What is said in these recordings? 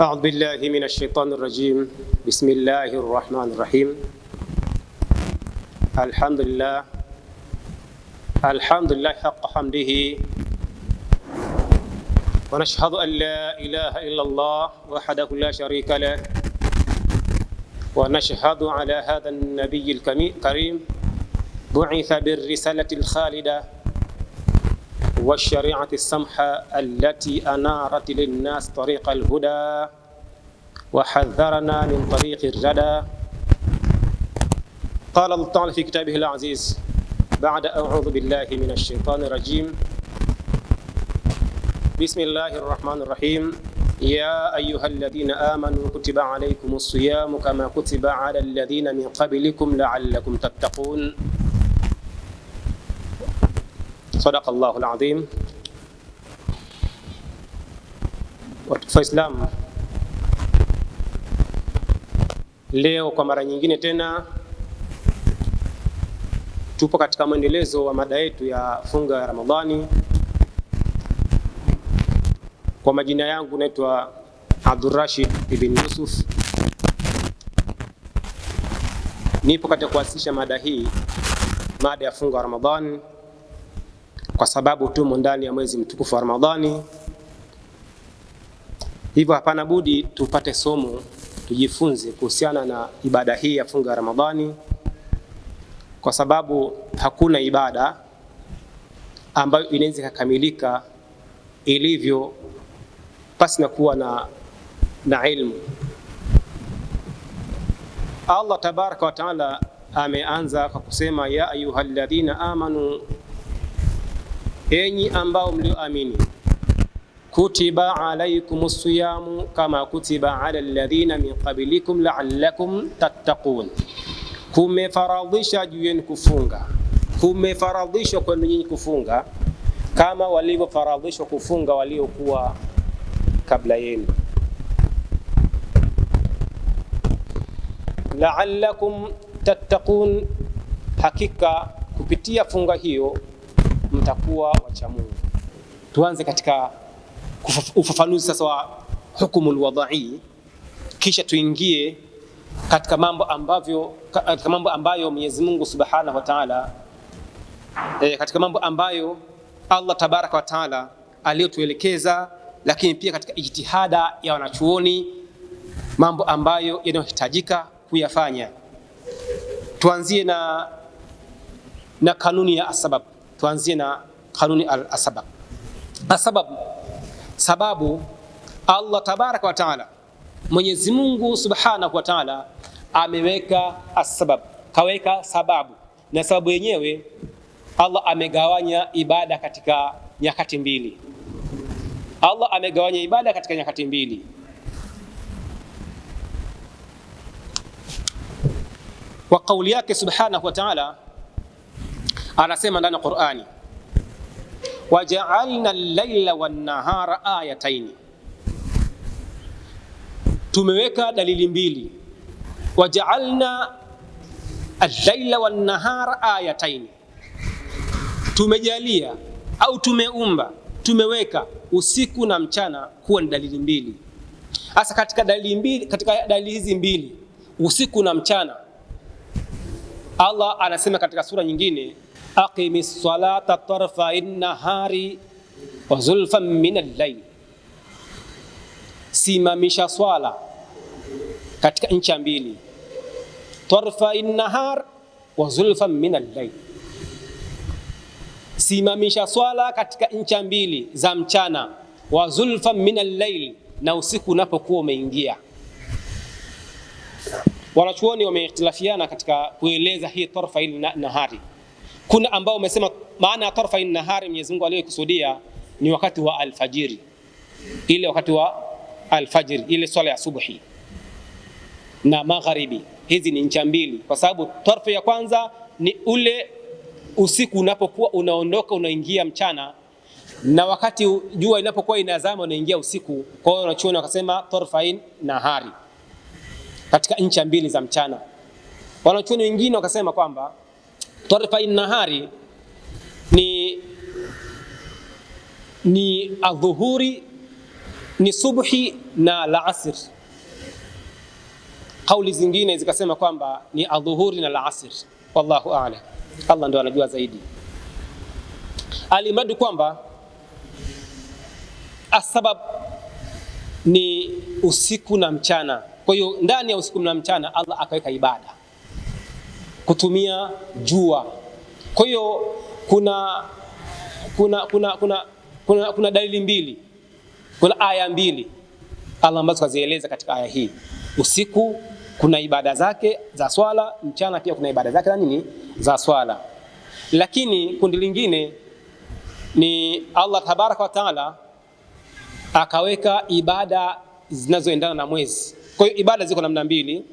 أعوذ بالله من الشيطان الرجيم بسم الله الرحمن الرحيم الحمد لله الحمد لله حق حمده ونشهد أن لا إله إلا الله وحده لا شريك له ونشهد على هذا النبي الكريم بعث بالرسالة الخالدة والشريعة السمحة التي أنارت للناس طريق الهدى وحذرنا من طريق الردى قال الله تعالى في كتابه العزيز بعد أعوذ بالله من الشيطان الرجيم بسم الله الرحمن الرحيم يا أيها الذين آمنوا كتب عليكم الصيام كما كتب على الذين من قبلكم لعلكم تتقون Sadaqa llahu ladhim Watukufu Waislamu, leo kwa mara nyingine tena tupo katika mwendelezo wa mada yetu ya funga ya Ramadhani. Kwa majina yangu naitwa Abdurrashid ibn Yusuf, nipo katika kuwasilisha mada hii, mada ya funga ya Ramadhani kwa sababu tumo ndani ya mwezi mtukufu wa Ramadhani. Hivyo hapana budi tupate somo, tujifunze kuhusiana na ibada hii ya funga ya Ramadhani, kwa sababu hakuna ibada ambayo inaweza ikakamilika ilivyo pasi na kuwa na, na ilmu. Allah tabaraka wa taala ameanza kwa kusema ya ayuha alladhina amanu enyi ambao mlioamini, kutiba alaikum siyamu kama kutiba ala alladhina min qablikum la'allakum tattaqun, kumefaradhisha juu yenu kufunga, kumefaradhishwa kwenu nyinyi kufunga kama walivyofaradhishwa kufunga waliokuwa kabla yenu. La'allakum tattaqun, hakika kupitia funga hiyo mtakuwa wacha Mungu. Tuanze katika ufafanuzi sasa wa hukumu wadai, kisha tuingie katika mambo ambavyo katika mambo ambayo Mwenyezi Mungu Subhanahu wa Ta'ala e, katika mambo ambayo Allah Tabaraka wa Ta'ala aliyotuelekeza, lakini pia katika ijtihada ya wanachuoni, mambo ambayo yanayohitajika kuyafanya. Tuanzie na na kanuni ya asbab tuanzie na kanuni al-asbab. Asbab, sababu Allah tabaraka wa taala, Mwenyezi Mungu subhanahu wa taala ameweka asbab, kaweka sababu, na sababu yenyewe Allah amegawanya ibada katika nyakati mbili. Allah amegawanya ibada katika nyakati mbili. Kwa kauli yake subhanahu wa taala anasema ndani ya Qur'ani, waja'alna al-laila wan-nahara ayataini, tumeweka dalili mbili. Waja'alna al-laila wan-nahara ayataini, tumejalia au tumeumba tumeweka usiku na mchana kuwa ni dalili mbili. Hasa katika dalili mbili, katika dalili hizi mbili usiku na mchana, Allah anasema katika sura nyingine aqimi salata tarfai nahari wa zulfan min al-layl, simamisha swala katika ncha mbili, tarfai nahar wa zulfan min al-layl, simamisha swala katika ncha mbili za mchana, wa zulfan min al-layl, na usiku unapokuwa umeingia. Wanachuoni wameikhtilafiana katika kueleza hii tarfai kuna ambao umesema maana ya tarfa in nahari, Mwenyezi Mungu aliyokusudia ni wakati wa alfajiri, ile wakati wa alfajiri, ile swala ya subhi na magharibi. Hizi ni ncha mbili, kwa sababu tarfa ya kwanza ni ule usiku unapokuwa unaondoka unaingia mchana, na wakati jua inapokuwa inazama unaingia usiku. Kwa hiyo wanachuoni wakasema tarfain nahari katika ncha mbili za mchana. Wanachuoni wengine wakasema kwamba Tarfain nahari ni, ni adhuhuri ni subhi na laasir. Kauli zingine zikasema kwamba ni adhuhuri na laasir, wallahu a'lam. Allah ndo anajua zaidi. Alimradi kwamba asbab ni usiku na mchana. Kwa hiyo ndani ya usiku na mchana Allah akaweka ibada kutumia jua. Kwa hiyo kuna, kuna, kuna, kuna, kuna, kuna dalili mbili, kuna aya mbili Allah ambazo kazieleza katika aya hii. Usiku kuna ibada zake za swala, mchana pia kuna ibada zake za nini, za swala. Lakini kundi lingine ni Allah tabaraka wa taala akaweka ibada zinazoendana na mwezi. Kwa hiyo ibada ziko namna mbili,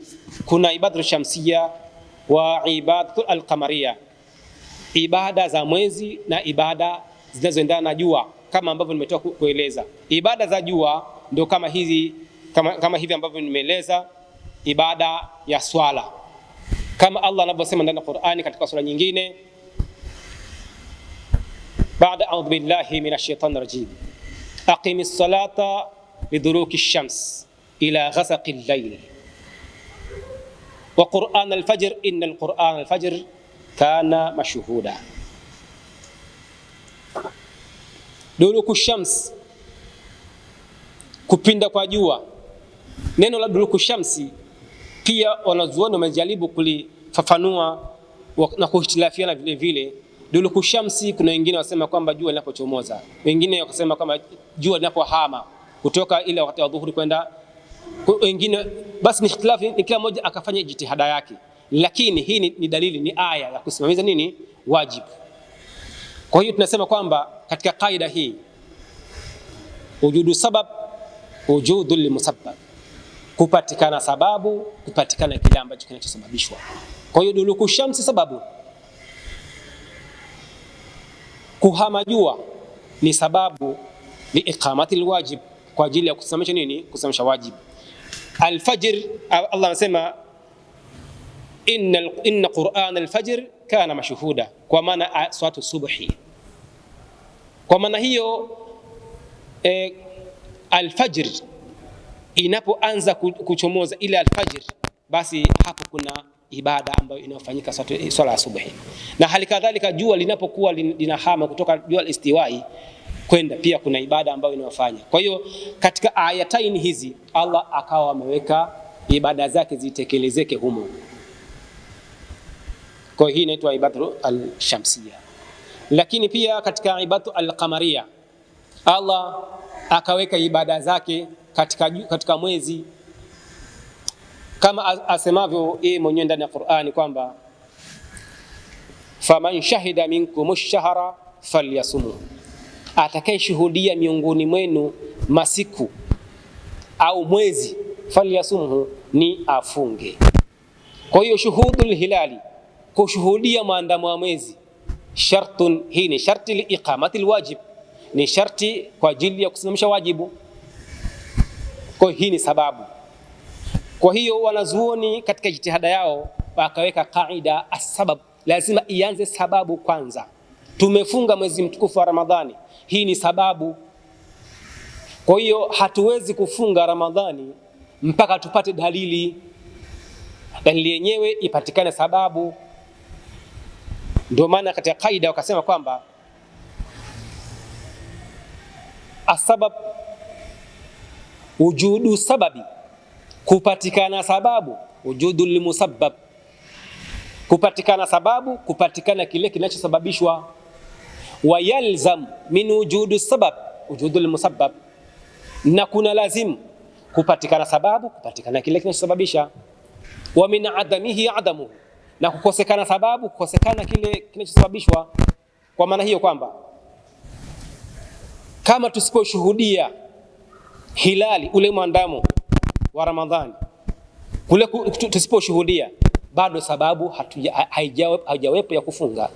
kuna ibada shamsia wa ibadatu alqamaria, ibada za mwezi na ibada zinazoendana na jua, kama ambavyo nimetoka kueleza. Ibada za jua ndio kama hizi, kama, kama hivi ambavyo nimeeleza, ibada ya swala kama Allah anavyosema ndani ya Qur'ani katika sura nyingine, baada a'udhu billahi minash shaitani rajim aqimis salata liduruki shams ila ghasaqil layl wa Qur'an al-fajr inna al-Qur'an al-fajr kana mashhuda. Duluku shams, kupinda kwa jua. Neno la duruku shamsi pia wanazuoni wamejaribu kulifafanua na kuhitilafiana vile vile. Duluku shamsi, kuna wengine wasema kwamba jua linapochomoza, wengine wakasema kwamba jua linapohama kutoka ile wakati wa dhuhuri kwenda wengine, basi ni ikhtilafu, ni kila mmoja akafanya jitihada yake, lakini hii ni, ni dalili, ni aya ya kusimamiza nini wajibu. Kwa hiyo tunasema kwamba katika kaida hii ujudu sabab ujudu limusabbab, kupatikana sababu, kupatikana kile ambacho kinachosababishwa. Kwa hiyo duluku shamsi sababu, kuhama jua ni sababu liiqamati lwajib, kwa ajili ya kusimamisha nini, kusimamisha wajibu Alfajr, Allah anasema inna, inna Qur'an alfajr kana mashhuda, kwa maana ah, swatu subhi. Kwa maana hiyo e, alfajr inapoanza kuchomoza ile alfajr, basi hapo kuna ibada ambayo inayofanyika swala ya subhi, na hali kadhalika jua linapokuwa linahama kutoka jua istiwai kwenda, pia kuna ibada ambayo inayofanya. Kwa hiyo katika ayataini hizi Allah akawa ameweka ibada zake zitekelezeke humo. Kwa hiyo hii inaitwa ibadatu al-shamsia, lakini pia katika ibadatu alqamaria Allah akaweka ibada zake katika, katika mwezi kama asemavyo yeye mwenyewe ndani ya Qur'ani kwamba faman shahida minkum ash-shahra falyasumu atakayeshuhudia miongoni mwenu masiku au mwezi falyasumhu, ni afunge. Kwa hiyo shuhudul hilali, kushuhudia maandamo ya mwezi, shartun, hii ni sharti liiqamati lwajib, ni sharti kwa ajili ya kusimamisha wajibu. Kwa hii ni sababu. Kwa hiyo wanazuoni katika jitihada yao wakaweka kaida asabab, lazima ianze sababu kwanza. Tumefunga mwezi mtukufu wa Ramadhani hii ni sababu. Kwa hiyo hatuwezi kufunga Ramadhani mpaka tupate dalili, dalili yenyewe ipatikane sababu. Ndio maana katika kaida wakasema kwamba asabab wujudu sababi, kupatikana sababu, wujudu limusabab, kupatikana sababu, kupatikana kile kinachosababishwa wa yalzam min wujudu sabab wujudu musabbab, na kuna lazimu kupatikana sababu, kupatikana kile kinachosababisha. Wa min adamihi adamu, na kukosekana sababu, kukosekana kile kinachosababishwa. Kwa maana hiyo kwamba kama tusiposhuhudia hilali, ule mwandamo wa Ramadhani kule, tusiposhuhudia bado sababu haijawepo ya kufunga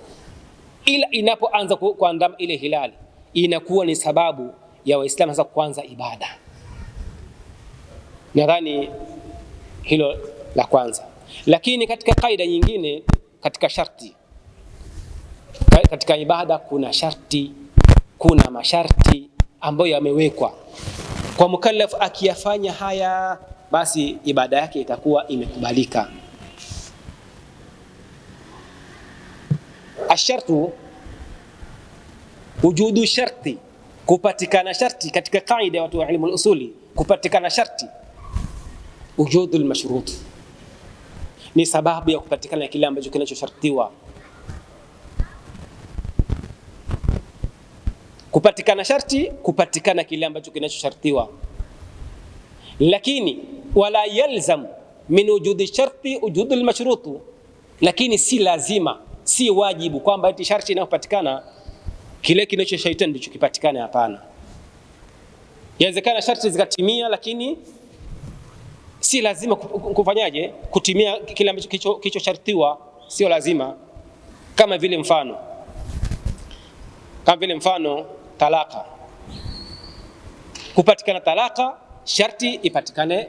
ila inapoanza kuandama ile hilali inakuwa ni sababu ya Waislamu sasa kuanza ibada. Nadhani hilo la kwanza, lakini katika kaida nyingine, katika sharti, katika ibada kuna sharti, kuna masharti ambayo yamewekwa kwa mukallaf. Akiyafanya haya, basi ibada yake itakuwa imekubalika. ashartu wujudu sharti, kupatikana sharti. Katika kaida ya watu wa ilmu usuli, kupatikana sharti wujudu almashrut ni sababu ya kupatikana kile ambacho kinachoshartiwa. Kupatikana sharti, kupatikana kile ambacho kinachoshartiwa, lakini wala yalzam min wujudi sharti wujudu lmashrutu, lakini si lazima si wajibu kwamba eti sharti inayopatikana kile kinacho shaitani ndicho kipatikane. Hapana, yawezekana sharti zikatimia, lakini si lazima kufanyaje kutimia kile ambacho kilichoshartiwa, sio lazima. Kama vile mfano kama vile mfano talaka, kupatikana talaka sharti ipatikane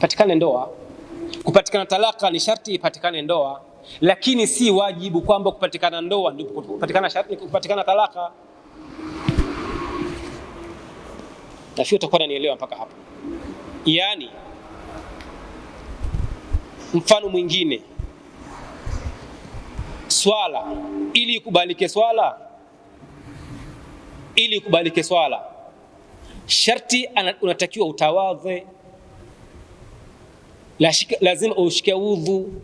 patikane ndoa. Kupatikana talaka ni sharti ipatikane ndoa lakini si wajibu kwamba kupatikana ndoa ndio kupatikana sharti kupatikana talaka. Nafikiri utakuwa unanielewa mpaka hapo. Yaani, mfano mwingine, swala ili ikubalike swala ili ikubalike swala, sharti unatakiwa utawadhe, lazima ushike udhu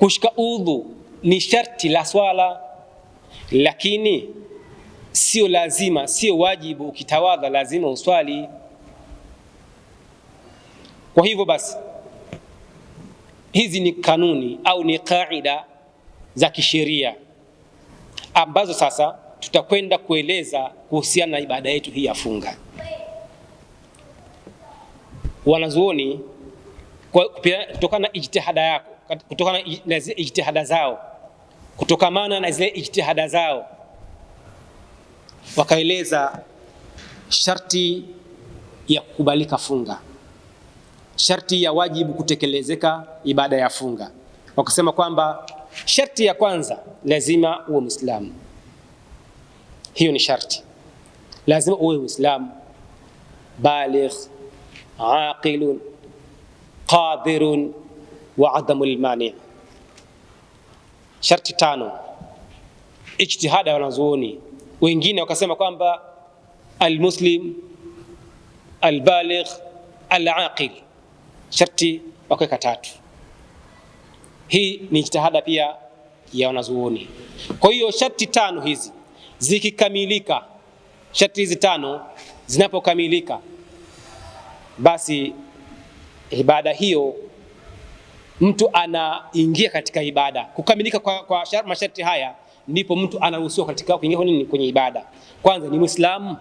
Kushika udhu ni sharti la swala, lakini sio lazima, sio wajibu. Ukitawadha lazima uswali. Kwa hivyo basi, hizi ni kanuni au ni kaida za kisheria ambazo sasa tutakwenda kueleza kuhusiana na ibada yetu hii ya funga. Wanazuoni, kutokana na ijtihada yako kutokana na zile ijtihada zao, kutokamana na zile ijtihada zao wakaeleza sharti ya kukubalika funga, sharti ya wajibu kutekelezeka ibada ya funga. Wakasema kwamba sharti ya kwanza lazima uwe Muislamu. Hiyo ni sharti, lazima uwe Muislamu baligh aqilun qadirun wa adamu lmani. Sharti tano, ijtihada wanazuoni wengine wakasema kwamba almuslim albaligh alaqil, sharti wakaweka tatu. Hii ni ijtihada pia ya wanazuoni. Kwa hiyo sharti tano hizi zikikamilika, sharti hizi tano zinapokamilika, basi ibada hiyo mtu anaingia katika ibada. Kukamilika kwa, kwa masharti haya ndipo mtu anaruhusiwa katika kuingia kwenye, kwenye ibada. Kwanza ni Muislamu.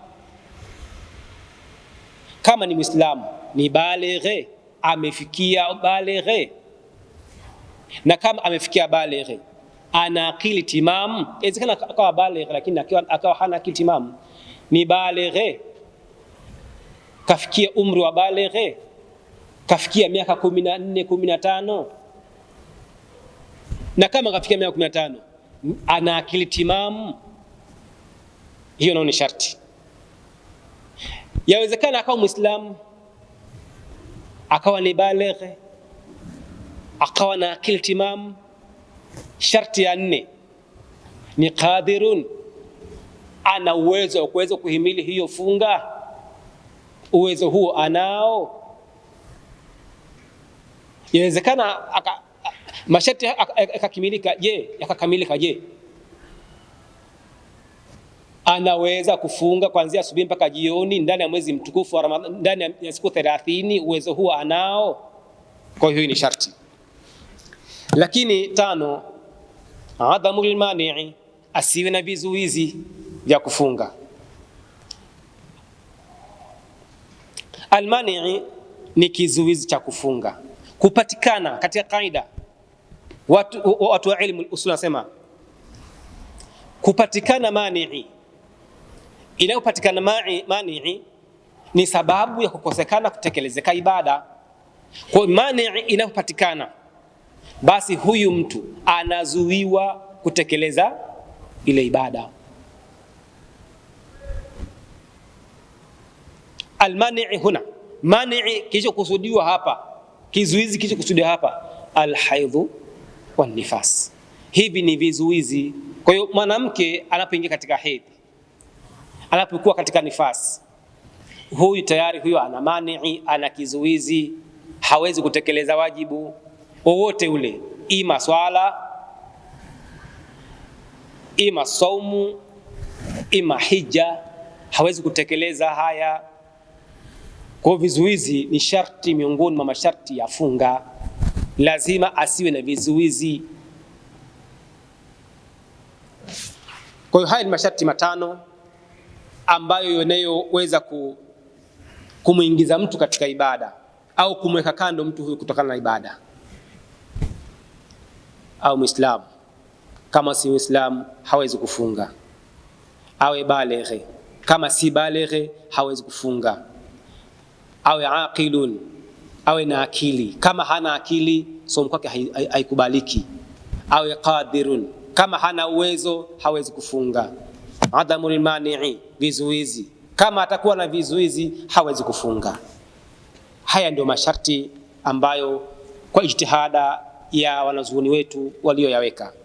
Kama ni Muislamu ni balere, amefikia balere, na kama amefikia balere ana akili timamu. Inawezekana akawa balere lakini akawa hana akili timamu. Ni balere, kafikia umri wa balere kafikia miaka kumi na nne kumi na tano na kama kafikia miaka kumi na tano ana akili timamu, hiyo nao ni sharti. Yawezekana akawa Mwislamu akawa ni baligh, akawa na akili timamu. Sharti ya nne ni qadirun, ana uwezo wa kuweza kuhimili hiyo funga, uwezo huo anao Inawezekana masharti yakakamilika. Je, yakakamilika? Je, anaweza kufunga kuanzia asubuhi mpaka jioni ndani ya mwezi mtukufu wa Ramadhani, ndani ya siku 30? Uwezo huo anao? Kwa hiyo hii ni sharti. Lakini tano, adhamu manii, asiwe na vizuizi vya kufunga. Almanii ni kizuizi cha kufunga kupatikana katika kaida. Watu, watu wa ilmu usul nasema kupatikana manii, inayopatikana manii ni sababu ya kukosekana kutekelezeka ibada. Kwa manii inayopatikana, basi huyu mtu anazuiwa kutekeleza ile ibada. Almanii huna manii, kilichokusudiwa hapa Kizuizi kicho kusudia hapa alhaidhu wan nifas, hivi ni vizuizi. Kwa hiyo mwanamke anapoingia katika hedhi, anapokuwa katika nifasi, huyu tayari huyo ana manii, ana kizuizi, hawezi kutekeleza wajibu wowote ule, ima swala, ima saumu, ima hija, hawezi kutekeleza haya. Kwa vizuizi ni sharti miongoni mwa masharti ya funga, lazima asiwe na vizuizi. Kwa hiyo haya ni masharti matano ambayo yanayoweza kumwingiza mtu katika ibada au kumweka kando mtu huyu kutokana na ibada au Muislamu. Kama si Muislamu hawezi kufunga, awe baleghe. Kama si baleghe hawezi kufunga awe aqilun, awe na akili. Kama hana akili, somo kwake haikubaliki. Awe qadirun, kama hana uwezo hawezi kufunga. Adhamul manii, vizuizi, kama atakuwa na vizuizi hawezi kufunga. Haya ndio masharti ambayo kwa ijtihada ya wanazuoni wetu walioyaweka.